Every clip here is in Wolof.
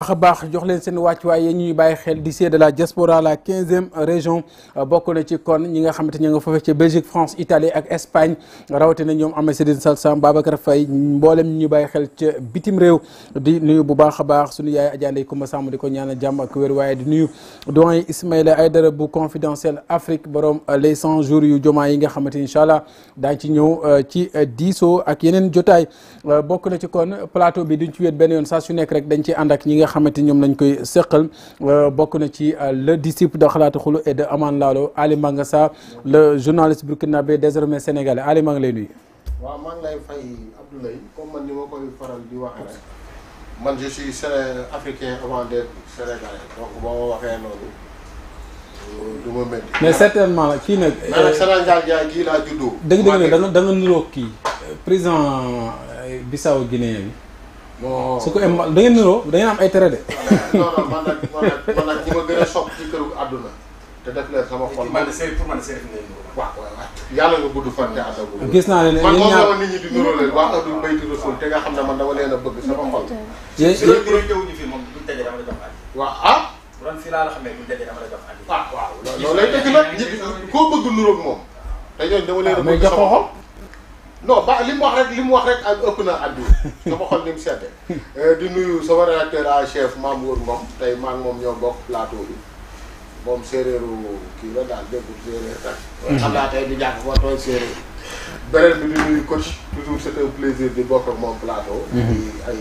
baax a baax jox leen seen wàccuwaay yi ñuy bàyyi xel d'ici de la diaspora la quinzième région euh, bokk ci kon ñi nga xamante ña nga foofee ci Belgique France Italie ak Espagne rawatina ñoom Amadou Sall Sam Babacar Faye mboolem ñi ñuy xel ca bitim réew di nuyu bu baax a baax suñu yaay ajaandey Kumba Samb di ko ñaanal jàmm ak wér waaye di nuyu doyen Ismaïla Aydara bu confidentiel Afrique borom euh, les 100 jours yu jomaa yi nga xamante incha allah daa ci ñëw euh, ci diisoo ak yeneen jotaay bokk na ci kon plateau bi duñ ci wéet benn yoon nekk rek dañ ci xamante ñoom lañ koy seqal bokk na ci le disciple de xalaatu xulu et de Aman Lalo Ali Manga le journaliste burkinabé désormais sénégalais Ali maa ngi lay nuyu. waaw maa lay fay Abdoulaye comme man ni koy faral di waxee rek man je suis africain avant d'être sénégalais donc boo ma waxee noonu. du ma métti. mais certainement kii nag. mais nag Sénégal jaay gii laa juddoo. dëgg dëgg da nga da nga niroog kii président Bissau Guinée bon su ko em da ngeen niroo da ngeen am ay tere de. non non man nag man nag man nag ñi ma gën a sopp ci këru àdduna. te def leen sama xol man sëriñ pour man sëriñ ngay niroo. waaw waaw yàlla nga gudd fan te ànd ak gis naa ne ne yéen ñaar man nit ñi di niroo leen waa Abdul Bayti Rasul te nga xam ne man dama leen a bëgg sama xol. yéen yéen loolu ñëw ñu fi moom buñ tegee dama la jox àll. waaw ah. ren fii laa la xamee buñ tegee dama la jox àll. waaw ah, waaw loolu lay dëgg nag koo bëgg niroo ak moom te ñooñu dama leen a ah, bëgg sama xol non ba li mu wax rek li mu wax rek ak ëpp na addu sama xol ni mu sedde euh, di nuyu sama rédacteur en chef Mame Goor Ngom tey maa moom ñoo bokk plateau bi moom séeréeru kii la daal déggul séeréer rek mhm. xam naa tey beneen bi di nuyu coach toujours c'est plaisir di bokk ak moom plateau mhm. di ay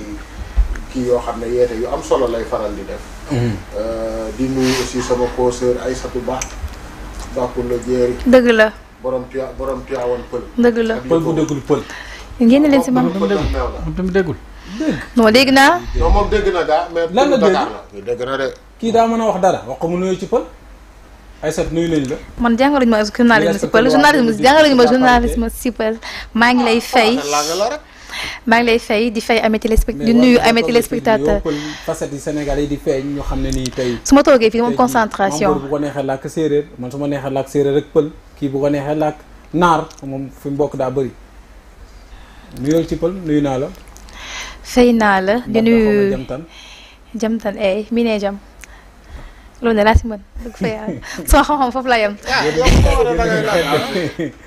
kii yoo xam ne yeete yu am solo lay faral di def mhm. euh, di nuyu aussi sama co ay Aïssatou Ba bàkkul la jeeri dëgg la borom tuya borom tuyaawoon pël. dëgg la pël bu déggul pël. génne leen si man mu déggul mu déggul. dégg non dégg naa. non moom dégg na daa mais. lan la dégg mais dégg na de. kii daa mën a wax dara wax ko mu nuyu ci pël. Aïssat nuyu nañ la. man jàngaluñu ma journalisme si pël journalisme jàngaluñu ma journalisme si pël maa ngi lay fay. maa ngi lay fay di fay amee téléspect di nuyu amee téléspectateur. facette yi Sénégal yi di feeñ ñu xam ne nii tey. su ma toogee fii moom concentration. bu ko neexee làkk séeréer man su neexee làkk séeréer rek pël. kii bu ko neexee làkk naar fi mbokk daa bëri nuyoo ci pël nuyu naa la. fay naa la di nuyu jamtan jamtan ay eh, mi nee jam loolu ne laa si mën soo xam-xam foofu la yem.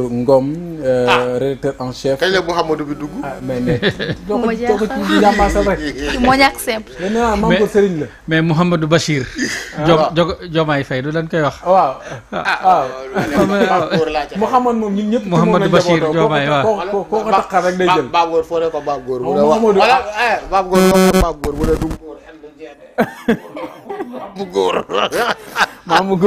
Ngom. Euh, ah. rédacteur en chef. kañ la Mouhamadou bi dugg. ah mais mais. doo ko doo mais nee naa maam ko Serigne la. mais ah. Ah. Jomaay Faye du leen koy wax. waaw ah waaw. Jomaay waaw koo koo ko taxaar rek day jël. Baab Góor foo ne ko Baab eh, Góor. mu ne wax voilà Baab Góor mu ne du góor. maamu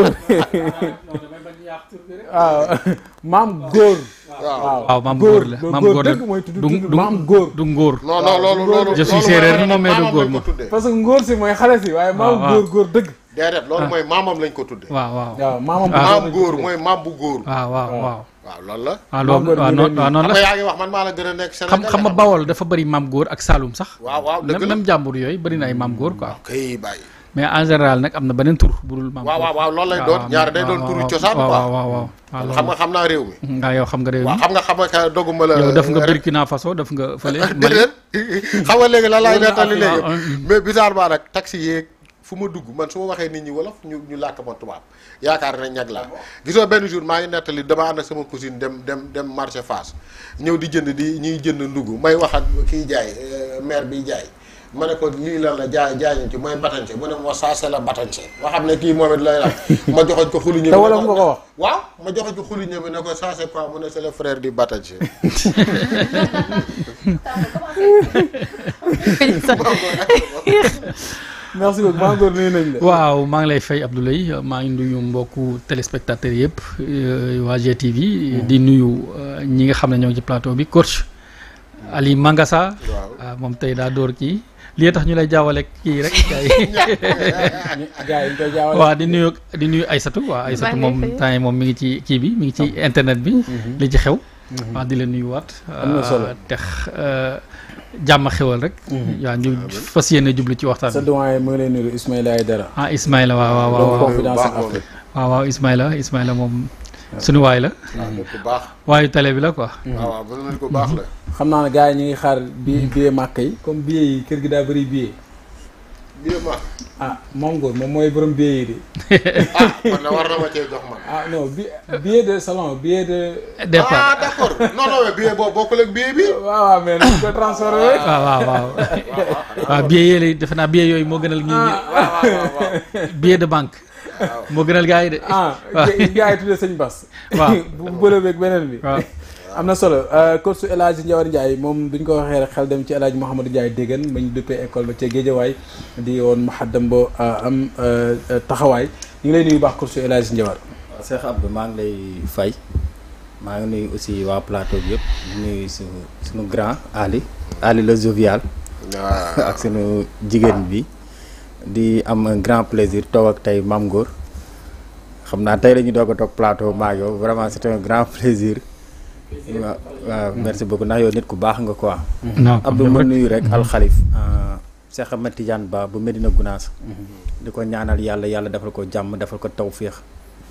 Ah, waaw maam góor. waaw waaw la maam góor dëgg mooy du ngóor non non loolu loolu. je suis séeréer moom ngóor moom parce que ngóor mooy maam góor dëgg. déedéet ah. lañ ko tudd waaw waaw waaw ah. mooy maam bu góor. waaw waaw waaw. loolu la. waaw loolu waaw noonu waaw noonu la a xam xam nga Bawol dafa bëri maam góor ak Saloum sax. waaw waaw dëgg jàmbur yooyu bari na ay maam góor quoi. mais en général nak amna benen tour burul mam waaw waaw lool lay doon ñaar day doon touru ciosan quoi waaw waaw waaw xam nga xam na rew mi nga yow xam nga rew mi xam nga xam nga doguma la yow def nga burkina faso def nga fele xam nga legui la lay netali legui mais bizarre ba nak taxi yi fu ma dugg man suma waxe nit ñi wolof ñu ñu lak ma tubaab yaakar na ñag la giso benn jour ma ngi netali dama and sama cousine dem dem dem marché face ñew di jënd di ñi jënd ndugu may wax ak ki jaay euh, maire bi jaay ma ne ko lii lan la jaay jaay ci mooy batance mu ne ma saase la batance ma xam ne kii moom it lay la ma joxoñ ko xuli ñëw te ko wax waaw ma joxoñ ko xuli ñëw ne ko saase quoi mu ne c'est le frère di batance waaw maa ngi lay fay Abdoulaye maa ngi nuyu mbokku téléspectateurs yëpp euh, waa GTV. Hmm. di nuyu euh, ñi nga xam ne ñoo ci plateau bi coach Ali Mangassa. Ah, moom tey daa door kii. lii tax ñu lay jaawale kii rek gars yi waaw di nuyu di nuyu Aysatu waaw Aysatu moom temps yi moom mi ngi ci kii bi mu ngi ci ah. internet bi mhm. li ci xew mhm. waaw di la nuyu am na solo tex euh, jàmm xewal rek mhm. waaw ñu ah, fas yéene jublu ci waxtaan bi sa doyen mu ngi lay nuyu Ismaïla Aydara ah Ismaïla moom suñu waay la. waayu télé bi la quoi. Mm-hmm. Ah, waaw ko baax la. Mm-hmm. xam naa ne gars yi ñu ngi xaar bi billet màkk yi comme billet yi kër gi daal bëri billet. billet màkk. ah moom góor moom mooy borom billet yi de. Ah, ah, bi billet de salon billet de. départ ah d' boobu bokkul ak billet bi. waaw waaw mais nañ ko naa billet yooyu moo gënal. ñii de banque. moo gënal gars yi de. ah gars tuddee sëñ Bas. waaw bu bëre beneen bi. waaw am na solo euh, coach su El Hadj Ndiawar Ndiaye moom duñ ko waxee rek xel dem ci El Hadj Mouhamadou Ndiaye déggan ma ñu duppee école ba ca Géejawaay di woon muhaddam ba euh, am euh, taxawaay ñu ngi lay nuyu baax coach su El Hadj Ndiawar. waaw Cheikh Abdou maa ngi lay fay maa ngi nuyu aussi waa plateau bi yëpp di nuyu suñu suñu grand Ali Ali le jovial. ak suñu jigéen bi. di am un grand plaisir toog ak tey Mame Ngor xam naa tey la ñu doog a toog plateau maa yow vraiment c' un grand plaisir. waaw waaw merci beaucoup ndax yow nit ku baax nga quoi. Abdou ma nuyu rek alxalif. Euh, Cheikh Ahmed Tidiane Ba bu Medina Gounass. di ko ñaanal yàlla yàlla defal ko jàmm defal ko tawféex.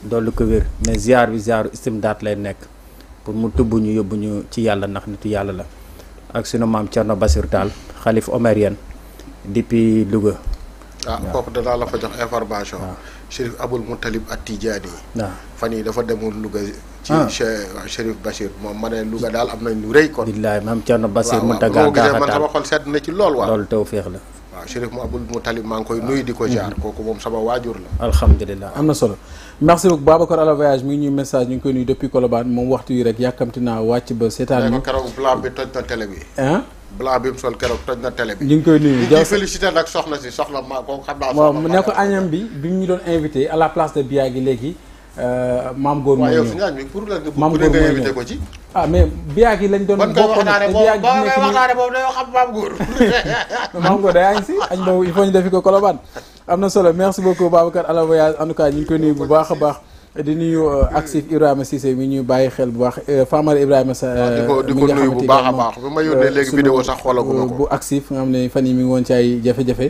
dolli ko wér mais ziar bi ziaru istimdaat lay nekk pour mu tubb ñu yóbbu ñu ci yàlla ndax nitu yàlla la. ak sunu maam Thierno Bassirou Tall xalif omérien depuis Louga. ah kooku danaa la fa jox information. Chérif Abul Moutalib At-Tijaani yi. fan yi dafa demoon Louga. ci ah. Ah, Chérif Bachir moom ma ne Louga daal am na lu rëy kon. billaay maam Thierno Bachir mu daga gaaxataal man sama xol sedd lool waaw. loolu tawféex la. waaw Chérif mu Abul maa ngi koy nuyu di ko jaar. Mm-hmm. kooku moom sama waajur la. alhamdulilah am na solo. merci beaucoup Babacar Alla Voyage ñuy message ñu ngi koy nuyu depuis Colobane moom waxtu yi rek yàkkamti naa wàcc ba. seetaan ñu keroog bi toj na télé bi. blanc bi mu sol keroog toj na télé bi. ñing koy nuyu di féliciter nak soxna ci soxna ma ko xam naa. mu ne ko añam bi bi mu ñu doon invité à la place de Biya gi léegi euh, maam góor mooy ñëw pour la nga invité ko ci. ah mais biyaag yi lañ doon bokk na te biyaag yi nekk waxtaane boobu dañoo xam maam góor. mam góor day añ si añ boobu il faut ñu defi ko kolobaan am solo merci beaucoup Babacar ala voyage en tout cas ñing koy nuyu bu baaxa baax. di nuyu euh, Axif Ibrahima Cissé mi ñuy bàyyi xel bu baax euh, Famara Ibrahima. di ko euh, di ko nuyu bu baax a baax bi ma yónnee léegi vidéo sax xoolaguma ko bu Axif nga am ne fan yi mi ngi woon ci ay jafe-jafe.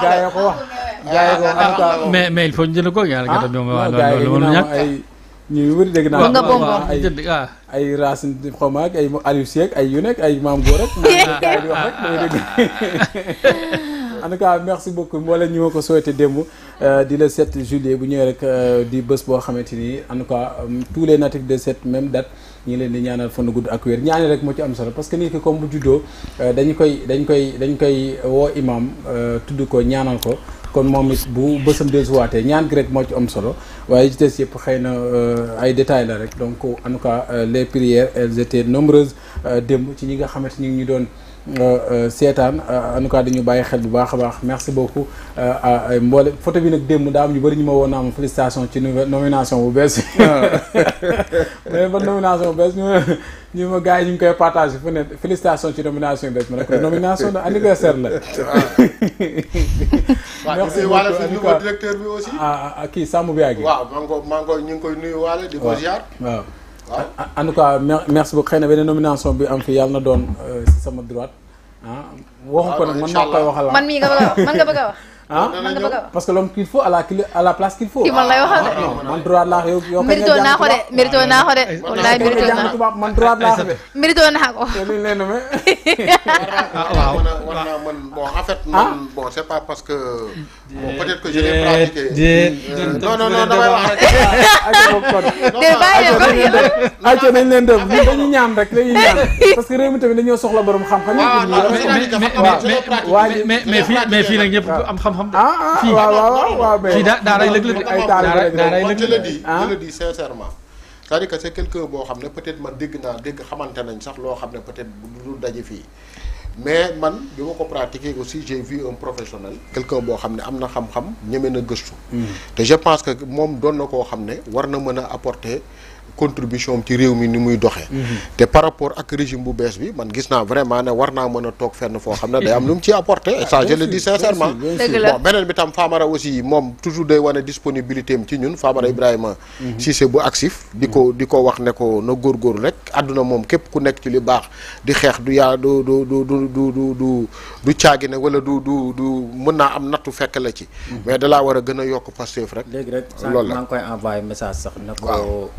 gaa ko wax. mais mais il faut ñu jël ko yàlla nga tam ñoom. waaw loolu ñàkk ay ñu wër dégg naa. Ah. nga bongoon ay ay Racine ay Aliou Seck ay yu nekk ay maam Góor rek. gaa yi wax rek mooy dégg. en merci beaucoup mbooleem ñu ma ko souhaité démb euh, di le 7 juillet bu ñëwee rek euh, di bés boo xamante ni en tout cas euh, tous les natifs de set même date. ñi leen di ñaanal fan gudd ak wér ñaani rek moo ci am solo parce que nit ki comme bu juddoo euh, dañu koy dañ koy dañ koy woo imam euh, tudd ko ñaanal ko kon moom it bu bësam dellusiwaatee ñaan gi rek moo ci am solo waaye ci des yëpp xëy na euh, ay détails la rek donc en tout cas les prières elles étaient nombreuses ci ñi nga xamante ni ngi ñu doon Euh, seetaan euh, en tout dañu bàyyi xel bu baax a baax merci beaucoup euh, mboole photo bi nag démb daa ñu bëri ñu ma woon am félicitation ci nomination bu bees ah. mais ba nomination bu bees ñu ñu ma gars yi ñu ngi koy partagé fu ne félicitation ci nomination bu bees ma rek nomination anniversaire la ah. merci beaucoup waaw bi aussi ah, kii Samb Biagui waaw maa ngi ko ñu ngi koy nuyu waale di ko ziar waaw waaw ah, en tout cas merci bu xëy na beneen nomination bi am fi yàlla na doon euh, sama droite ah. waxu ko nag ah, man maa koy waxal ah. man mii nga bëgg a wax man nga bëgg a wax. Hein? parce que l'homme qu'il faut à la place qu'il faut. Il hein? droit en c'est pas parce que. peut que je euh, non non non parce que xam de. Ah, ah, fii waaw waaw waaw mais fii daa daa ray lëg lëg de. ay lëg daa lëg lëg de je le dis sincèrement. quelqu'un boo xam ne peut-être man dégg naa dégg xamante nañ sax loo xam ne peut-être du daje fii. mais man bi ma ko pratiquer aussi j'ai vu un professionnel quelqu'un boo xam ne am na xam-xam ñeme na gëstu hmm. te je pense que moom doon na koo xam ne war na mën a apporter contribution ci minimum ni muy mhm. par rapport ak régime bu bi man gis vraiment ne war n'a fenn day ça je le dis sincèrement. bon bi tam aussi toujours day wone disponibilité ci ñun mhm. Ibrahima. Mhm. c'est bu actif. diko du du du du du du du du du du mais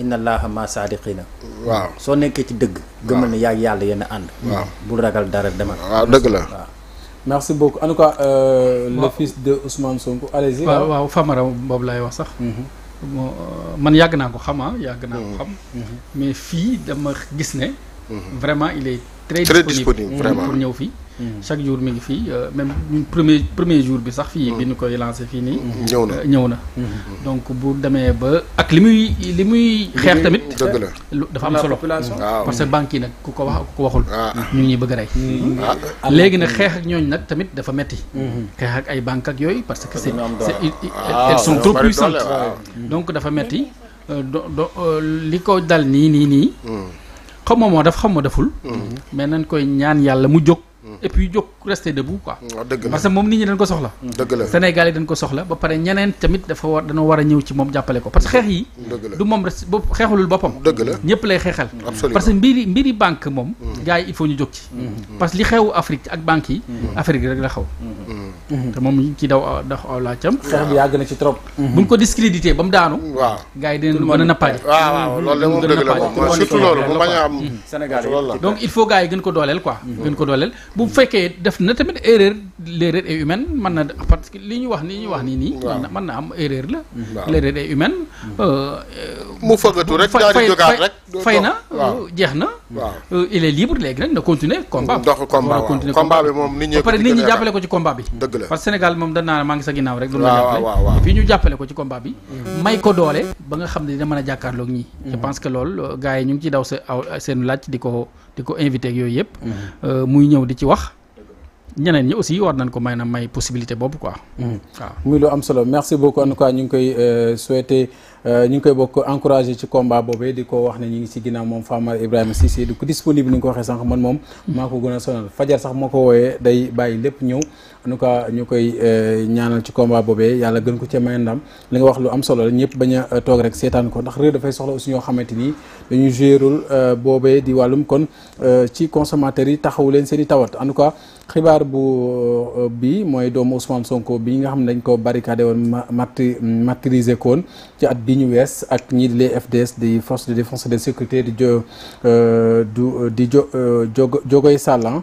inna allaha ma saadiqina waaw soo nekkee ci dëgg gëmal ne yaa yàlla yéen a ànd bul ragal dara demal waaw dëgg la waaw merci beaucoup en tout cas euh, le fils de Ousmane Sonko allez waaw Famara boobu laay wax sax mhm. man yàgg naa ko xam ah yàgg naa ko mhm. xam mhm. mais fii dama gis ne vraiment il est très disponible pour ñëw fii Mm. chaque jour mi ngi fii euh, même premier premier jour bi sax fille mm. bi nous koy il fii nii mm. ñëw na euh, ñëw na donc bu demee ba ak li muy li muy xeex tamit euh, dafa am solo parce que banque yi nag ku ko wax ku ko waxul ah. ñu ñuy bëgg a rey ah. Ah. léegi nag xeex ak ñooñu nag tamit dafa metti mm-hmm. xeex ak ay ak parce que c'est elles sont trop puissantes donc dafa metti do do li ko dal nii nii nii xaw ma moo daf xaw ma deful mm-hmm. mais nañ koy ñaan yalla mu et puis jóg rester debout quoi. Mm, dëgg la parce que moom nit ñi dañ ko soxla. Mm, dëgg la Sénégal yi dañ ko soxla ba pare ñeneen tamit dafa war dañoo war a ñëw ci moom jàppale ko parce que xeex yi. Mm, du moom rek bopp xeexalul boppam. dëgg la ñëpp lay xeexal. parce que mbiri mbiri banque moom. gars yi il faut ñu jóg ci. parce que li xewu Afrique ak banque yi. Afrique rek la xaw. Mm-hmm. te moom ci daw dox aw laajtam. xeex bi yàgg a ci trop. Mm-hmm. buñ ko discrédité ba mu daanu. waaw gars yi dinañ mën a waaw waaw loolu de moom dëgg la moom surtout loolu a li ñu wax nii nii nii. na am erreur la. waaw l'erreur humaine. Mm-hmm. Euh, euh, mu fëggatu rek daal di jógaat na euh, jeex na. il est libre léegi nag na continuer combat. bi moom nit ñi. ba pare nit ñi jàppale ko ci combat bi. la parce Sénégal mom dañ na ma ngi sa ginnaaw rek. waaw waaw waaw waaw ñu jàppale ko ci combat bi. Mm. may ko doolé ba nga xam ne dina mëna jakarlo jàkkaarloog ñi. Mm. je pense que lool euh, gaay ñu ngi ci daw seen laaj di diko di ko invité ak yooyu mm. euh muy ñew di ci wax. ñeneen ñi aussi war nañ ko may na may possibilité boobu quoi. waaw muy lu am solo merci beaucoup en quoi ñu ngi koy euh, souhaiter euh, ñu ngi koy bokk encourager ci combat boobee di ko wax ne ñi ngi ci ginnaaw moom Famara Ibrahima Cissé du ko disponible ni ko waxee sànq man moom. maa ko gën a sonal fajar sax moo ko wooyee day bàyyi lépp ñëw. en tout ñu koy euh, ñaanal ci combat boobee yàlla gën ko ci may ndam li nga wax lu am solo la ñëpp bañ a euh, toog rek seetaan ko ndax réew dafay soxla aussi ñoo xamante ni dañuy géerul euh, boobee di wàllum kon ci consommateurs yi taxawu leen seen i tawat en tout cas xibaar bu bi mooy doomu Ousmane Sonko bi nga xam ne dañ ko barricadé woon marti martyrisé koon ci at bi ñu wees ak ñii di les FDS di force de défense de sécurité di jo du di jo jogoy sàllan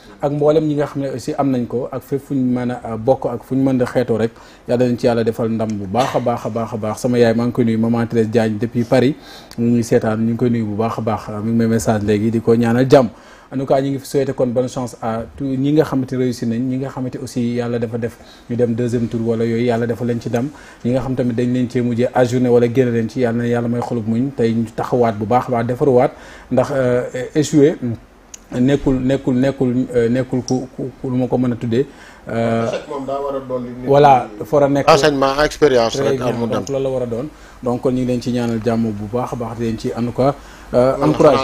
ak mboolem ñi nga xam ne aussi am nañ ko ak fépp fu ñu mën a euh, bokk ak fu ñu mën a xeetoo rek yàlla nañ ci yàlla defal ndam bu baax a baax a baax a baax sama yaay maa ngi koy nuyu maman Thérèse Diagne depuis Paris mu ngi seetaan baax a baax mi ngi may message léegi di ko ñaanal jàmm en tout cas ñi ngi souhaité kon bonne chance à tout ñi nga xamante réussir nañ ñi nga xamante aussi yàlla dafa def ñu dem deuxième tour wala yooyu yàlla dafa leen ci dem ñi nga xam tamit dañ leen cee mujjee ajourné wala génn leen ci yàlla na yàlla may xolub muñ tey ñu taxawaat bu baax a nekkul nekkul nekkul euh, nekkul ku ku lu ma ko mën a tuddee. Euh, moom daa war a doon li voilà a nekk enseignement expérience rek amul dem loolu la war a doon. donc kon ñu leen ci ñaanal jàmm bu baax a baax di leen ci en tout cas. Euh, encourage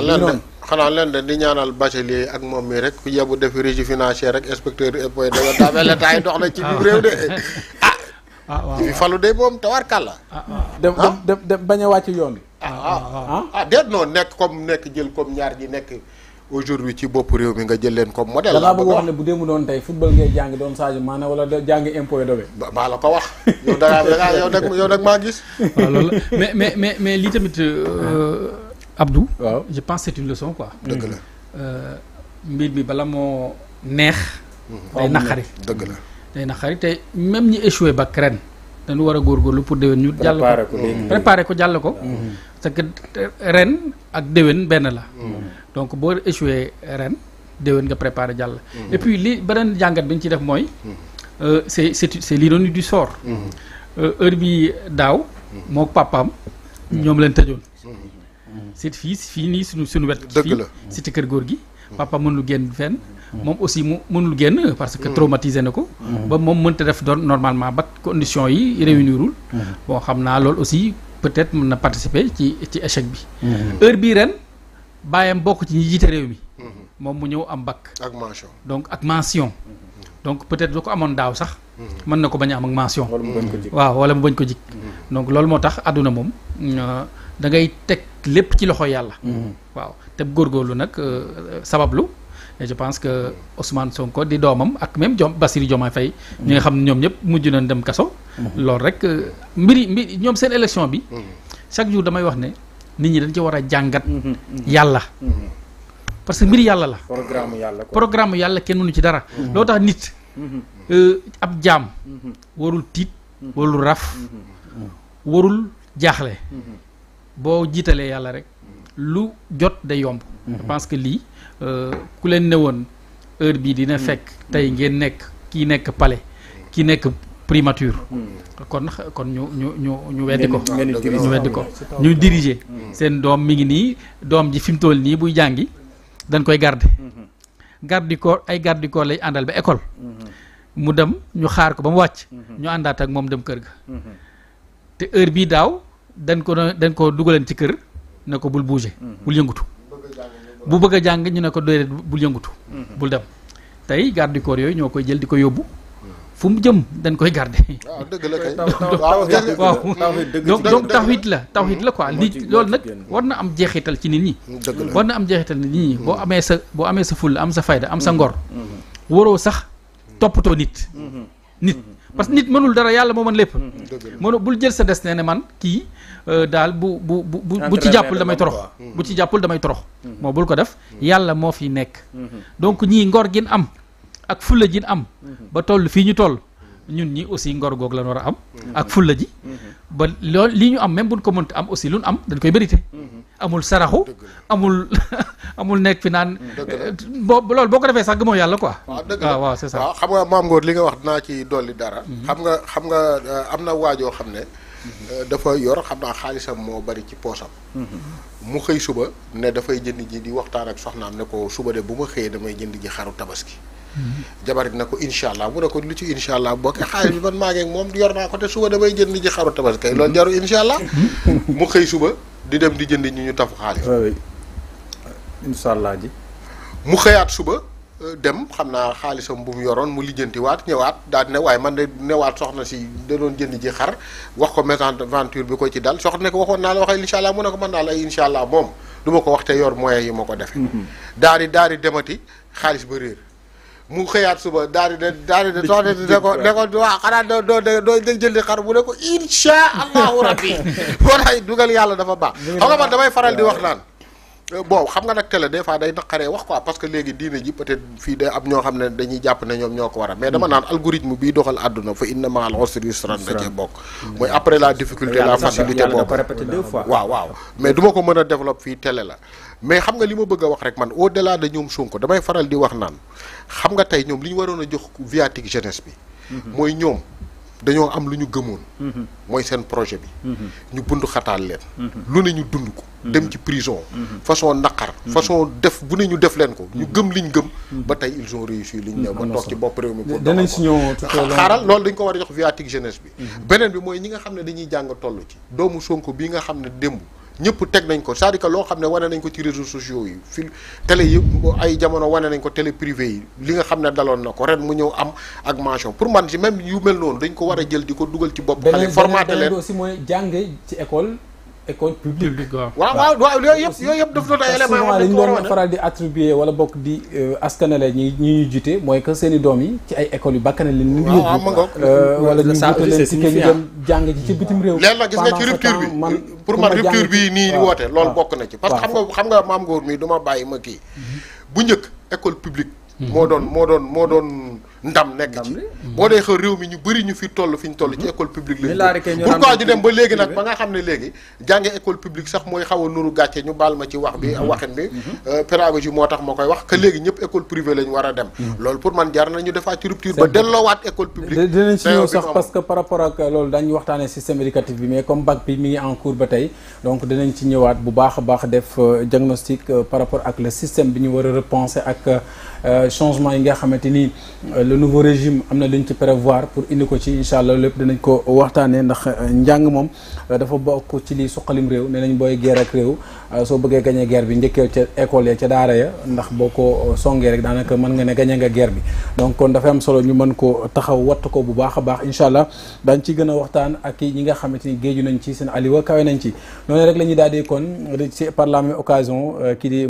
xanaa leen di ñaanal bachelier ak moom mi rek ku yebu def régie financière rek inspecteur impôt da nga daamel état yi dox na ci biir réew de. ah, ah, ah, ah waaw waaw dem bañ a wàcc yoon. ah ah ah nekk comme nekk jël comme ñaar ji nekk. aujourd'hui ci bopp réew mi nga jël len comme modèle. da bëgg wax né bu démb don tay football ngay jàng don Sadio Mané wala jàng impôt dobe. ba la ko wax yow da nga yow nak yow nag maa gis. mais mais mais mais lii tamit euh, ah. Abdou. je pense c'est une leçon quoi. dëgg la euh, mbir mi bala moo neex. Mm-hmm. day naqari dëgg la. day naqari te même ñi échouer ba ren. dañu war a góorgóorlu pour déwén ñu. jàll ko préparé ko jàll ko. Mm-hmm. parce que ren ak déwén benn la. Mm-hmm. donc boo échoué ren déwén nga préparé jàll. Mm-hmm. et li beneen jàngat bi ñu ci def mooy. Euh, c' est c' est c' di l'ironie du euh, bi daaw. moo papaam ñoom leen tëjoon. c' fii fii nii suñu sunu wet. dëgg la fii si kër góor gi. papa mënul génn fenn. mom mm. aussi mënul génn parce que mm. traumatisé na ko. Mm. ba moom mënta def doon normalement ba conditions yi réunirul. bon xam naa loolu aussi peut-être mën na participer ci ci échec bi. heure bii ren bàyyam bokk ci ñi jiite réew mi. Mm-hmm. moom mu ñëw am bac. ak mention donc ak mention. Mm-hmm. donc peut-être lu ko amoon daaw sax. Mm-hmm. mën na ko bañ a am ak mention. waaw wala mu bañ ko jik donc loolu moo tax àdduna moom euh, da ngay teg lépp ci loxo yàlla. waaw te góorgóorlu nag euh, sabablu. et je pense que Ousmane Sonko di doomam ak même Diom Bassirou Diomaye Faye ñi nga xam ne ñoom ñëpp mujj nañ dem kaso. Mhm. loolu rek euh, mbiri mbiri ñoom seen élection bi. Mhm. chaque jour damay wax ne nit ñi dañ ci war a jàngat. Mhm, yàlla. parce que mbiri yàlla la. programme yàlla programme yàlla kenn mënu ci dara. loo tax nit. Euh, ab jaam. warul tiit. warul raf. warul jaaxle. boo jiitalee yàlla rek. lu jot day yomb. Mhm. je pense que lii euh, ku leen newone heure bi dina mhm. fek tay ngeen nek ki nek palais ki nek primature. Mhm. kon kon ñu ñu ñu ñu ko. ñu weddi ko ñu diriger. sen dom mi ngi ni dom ji dañ koy garder. ay lay école. mu dem ñu xaar ko ba mu ñu ak dem ga. te heure dañ ne ko bul bouger. bul yëngutu bu bëgg a jàng ñu ne ko déedéet bul yëngutu bul dem tey garde du corps yooyu ñoo koy jël di ko yóbbu fu mu jëm dañ koy garder. waaw dëgg la kay waaw donc donc tawhid la tawhid la quoi li loolu nag war na am jeexital ci nit ñi. war na am jeexital nit ñi boo amee sa boo amee sa fulla am sa fayda am sa ngor. Mm-hmm. waroo sax toppatoo nit. Mm-hmm. nit. Mm-hmm. parce que nit mënul dara yàlla moo mën lépp. Mm. mënu bul jël sa destin ne man kii euh, daal bu bu bu bu ci jàppul damay torox. Mm. bu ci jàppul damay torox. Mm. moo bul ko def yàlla moo fi nekk. Mm-hmm. donc ñii ngor gin am ak fulla jin am. Mm-hmm. ba toll fii ñu toll. ñun ñi aussi ngor goog la war a am. Mm-hmm. ak fulla ji. Mm-hmm. ba loolu li ñu am même buñ ko mënta am aussi lu ñu am dañ koy mérité. Mm-hmm. amul saraxu amul amul nekk fi naan. Eh, boo loolu boo ko defee sax gëmoo yàlla ko waaw ah, dëgg la ah, waaw c'est ça. Ah, xam nga maam Ngor li nga wax dinaa ci dolli dara. xam nga xam nga euh, am na waajoo xam ne. Euh, dafa yor xam naa xaalisam moo bari ci poosam. mu xëy suba ne dafay jënd ji di waxtaan ak soxnaam ne ko suba de bu ma xëyee damay jënd ji xaru tabaski. jabarit na ko incha allah mu ne ko lu ci incha allah bokk xaalis bi man maa ngi ak moom yor naa ko te suba damay jënd ji xaru tabaski kay loolu jaru incha mu xëy suba di dem di ñu tafu xaalis incha allah ji mu xëyaat suba euh, dem xam naa xaalisam bu mu yoroon mu waat ñëwaat daal di ne waaye man de newaat soxna si da doon jënd ji xar wax ko mésaventure bi ko ci dal soxna ne ko waxoon naa la waxee incha allah mu ne ko man naa la ay allah moom du ma ko wax te yor moo yi ma ko defee mm-hmm. daal di daal di demati xaalis ba mu xëyaat suba daal di daal di toog ne ko ne ko doo doo doo jëndi xar mu ne ko insha allahu rabbi boo tax dugal yàlla dafa baax xam nga man damay faral di wax naan euh, bon xam nga nag télé des fois day naqaree wax quoi parce que léegi diine ji peut-être fii day am ñoo xam ne dañuy jàpp ne ñoom ñoo ko war a mais dama mm. naan algorithme bii doxal àdduna fa inna ma'al usri yusran da cee bokk mm. mooy après la difficulté la facilité boobu waaw waaw mais du ma ko mën a développe fii télé la mais xam nga li ma bëgg a wax rek man au delà de ñoom Sonko damay faral di wax naan xam nga tey ñoom li ñu waroon a jox viatique jeunesse bi. Mhm. mooy ñoom dañoo am lu ñu gëmoon. Mhm. mooy seen projet bi. Mhm. ñu bund xataal leen. lu ne ñu dund ko. dem ci prison. façon naqar. façon def bu ne ñu def leen ko. ñu gëm liñ gëm. ba tey ils ont réussi liñ ne ba toog ci bopp réew mi. pour danañ si ñëw xaaral loolu dañ ko war a jox viatique jeunesse bi. beneen bi mooy ñi nga xam ne dañuy jàng toll ci. doomu Sonko bii nga xam ne démb ñëpp teg nañ ko cest à loo xam ne wane nañ ko ci réseaux sociaux yi fil télé yi ay jamono wane nañ ko télé privé yi li nga xam ne daloon na ko ren mu ñëw am ak mention pour man si même yu mel noonu dañ ko war a jël di ko dugal ci bopp xale formaté leen aussi mooy jàng ci école et compte public. waaw waaw yooyu yëpp yooyu yëpp daf doon ay éléments yoo faral di attribuer wala bokk di euh, askanale ñi ñi ñuy jiite mooy que seen i doom yi ci ay écoles yu bakkanal leen. ñu ngi yóbbu euh, wala ñu jiite leen ci ci bitim réew. léegi nag gis nga ci rupture bi pour man rupture bi nii woote lool bokk na ci. parce que xam nga xam nga maam Ngor mii du bàyyi ma kii. Mhm. bu njëkk école publique. Mhm. moo doon moo doon moo doon. ndam nekk ci boo dee xew réew mi ñu bëri ñu fi toll fi ñu toll ci mhm. école publique la pourquoi ñu dem ba léegi nag ba nga xam ne léegi jànge école publique sax mooy xaw a nuru gàcce ñu baal ma ci wax bi mhm. waxin bi mhm. euh, pédagogie moo koy wax léegi ñëpp école privée a dem loolu pour man jaar nañu defaat ci rupture ba delloowaat école publique que par rapport ak loolu dañu waxtaanee système éducatif bi mais comme bac bi mi ngi en cours ba tey donc dinañ ci ñëwaat bu baax a baax def euh, diagnostic euh, par rapport ak le système bi ñu war a repenser ak changement yi nga xamante ni le nouveau régime am na pour une ko ci inshallah lepp dinañ ko waxtane ndax euh, njang mom euh, dafa ci li soxalim rew a guerre ak rew euh, so gagné guerre bi njëkkee ci école ya ci daara ya ndax ko rek guerre bi donc kon dafa am solo ñu mën ko taxaw ko bu baax inshallah dañ ci gëna ak ñi nga nañ kon c'est par la même occasion ki